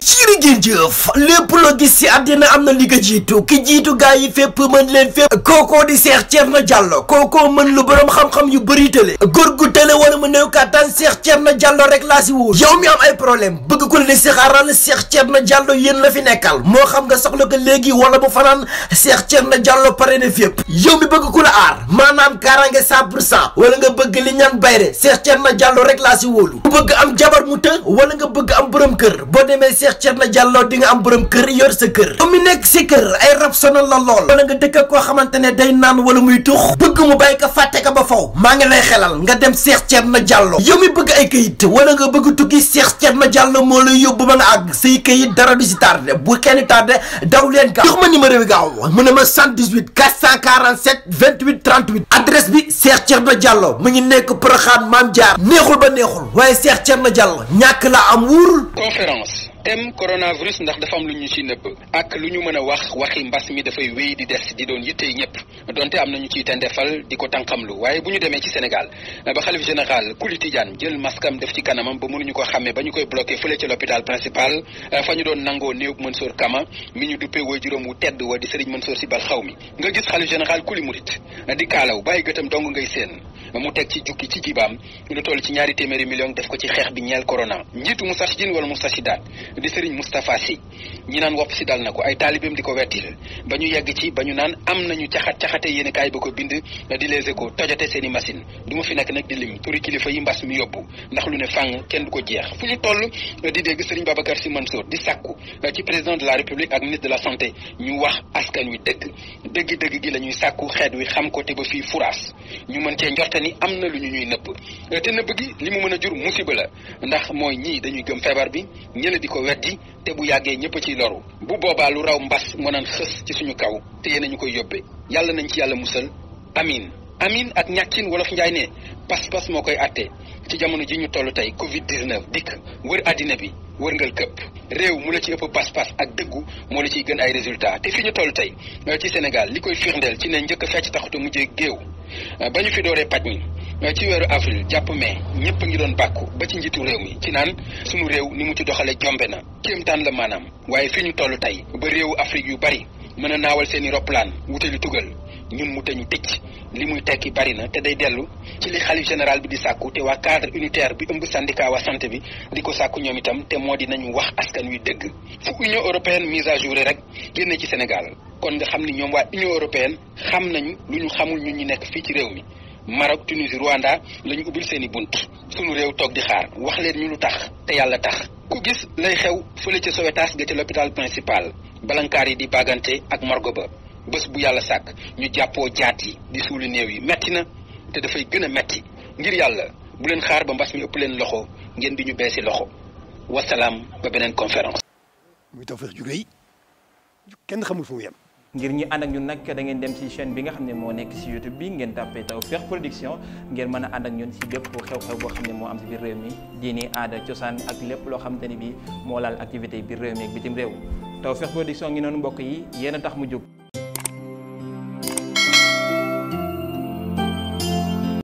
jiri ngeen jëf lépp loo gis ci àddina am na li ko jiitu ki jiitu gaa yi fépp mën leen fépp kookoo di Cheikh Thierno Diallo kookoo mën lu boroom xam-xam yu bëri tële góor gu tële wala mu néew seex Cheikh na Diallo rek laa si wóor yow mi am ay problème bëgg ko leen sixaaral Cheikh Thierno Diallo yéen la fi nekkal moo xam nga soxla ko léegi wala mu fanaan Cheikh Thierno Diallo pare na fépp yow mi bëgg ku la aar maanaam kaaraange 100 pour cent wala nga bëgg li ñaan bayre Cheikh Thierno Diallo rek laa si wóolu ku bëgg am jabar mu të wala nga bëgg am borom kër boo demee Cheikh Thierno Diallo di nga am borom kër yor sa kër comme mi nekk si kër ay rab sonal lool wala nga dëkk ak koo xamante ne day naan wala muy tux bëgg mu bàyyi ko fàtte ba faw maa ngi lay xelal nga dem Cheikh Thierno Diallo yow mi bëgg ay kayit wala nga bëgg tukki Cheikh Thierno Diallo moo lay yóbbu ma nga ak say kayit dara du si tardé bu kenn tardé daw leen gaaw jox ma numéro bi gaaw mu ne ma 118 447 28 38 adresse bi Cheikh Thierno Diallo mu ngi nekk Porokhane Mame Diar neexul ba neexul waaye seex Cheikh na Diallo ñàkk la am wuur conférence thème coronavirus ndax dafa am lu ñu ci nëbb ak lu ñu mën a wax waxi mbas mi dafay wéy di des di doon yitte ñëpp donte am na nañu ciy tendefal di ko tànqamlu waaye bu ñu demee ci Sénégal ba xalif général Kuli Tidiane jël maskam def ci kanamam ba mënuñu ko xàmmee ba ñu koy bloqué fële ci l'hôpital principal euh, fa ñu doon nangoo néew Mansour Kama mi ñu duppee woy juróom wu tedd wa di mën Mansour Sy Bal xaw mi nga gis xalif général Kuli Murit euh, di kaalaw bàyyi gëtam dong ngay seen mu teg ci jukki ci jibaam lu toll ci ñaari téeméeri million def ko ci xeex bi ñeel corona njiitu Moustarchidine wala Moustarchidaat di Serigne Moustapha Sy ñi naan wopp si dal na ko ay taalibeem di ko weddil ba ñu yegg ci ba ñu naan am nañu caxat caxate yéen kaay ba ko bind di les échos tojate seen i machine ma fi nekk nag di lim turi kilifa yi mbas mi yóbbu ndax lu ne fàng kenn du ko jeex fu ñu toll di dégg Serigne Babacar Sy Mansour di sàkku ci président de la république ak ministre de la santé ñu wax askan wi gi la ñuy sàkku xeet wi xam ko te ba fii furaas xamante ni am na lu ñu ñuy nëpp te nëpp gi li mu mën a jur musiba la ndax mooy ñii dañuy gëm feebar bi ñële di ko weddi te bu yàggee ñëpp ciy loru bu boobaa lu raw mbas moo naan xës ci suñu kaw te yéen ñu koy yóbbee yàlla nañ ci yàlla musal amin amin ak ñàkkin wolof njaay ne pas-pas moo koy àtte ci jamono ji ñu toll tey covid 19 dikk wër àddina bi wërngal këpp réew mu la ci ëpp pas-pas ak dëggu moo la ciy gën ay résultat te fi ñu toll tey euh, ci Sénégal li koy firndeel ci ne njëkk a fecc taxuta mujjee géew euh, ba ñu fi dooree paj mi euh, ci weeru avril jàpp mais ñëpp ngi doon bàkku ba ci njiitu réew mi ci naan sunu réew ni mu ci doxale jombe na kéemtaan la maanaam waaye fi ñu toll tey ba réewu Afrique yu bari mën a naawal seeni roplaan wutali tugal ñun mu teñu tëj li muy tekki bari na te day dellu ci li xalif général bi di sàkku te waa cadre unitaire bi ëmb syndicat waa santé bi di ko sàkku ñoom itam te moo dinañu wax askan wi dëgg fu union européenne mise à jour rek génne ci Sénégal kon nga xam ni ñoom waa union européenne xam nañu lu ñu xamul ñu ñi nekk fii ci réew mi Maroc Tunisie Rwanda la ñu ubbil seen i bunt suñu réew toog di xaar wax leen ñu lu tax te yàlla tax ku gis lay xew fële ca Sowétas ga ca principal balankaar yi di bagante ak morgue ba bés bu yàlla sàkk ñu jàppoo jaat yi di suuli néew yi metti na te dafay gën a metti ngir yàlla bu leen xaar ba mbas mi ëpp leen loxo ngeen di ñu beesi loxo wasalaam ba beneen conférence. muy Tawfekh ju kenn xamul fu yem. ngir ñi ànd ak ñun nag da ngeen dem ci chaîne bi nga xam ne moo nekk ci YouTube bi ngeen tàppee Tawfekh Production ngeen mën a ànd ak ñun ci bépp xew-xew boo xam ne moo am ci biir réew mi diini aada cosaan ak lépp loo xamante ni bi moo laal activité biir réew mi ak bitim réew Tawfekh Production ngi noonu mbokk yi yéen tax mu jóg.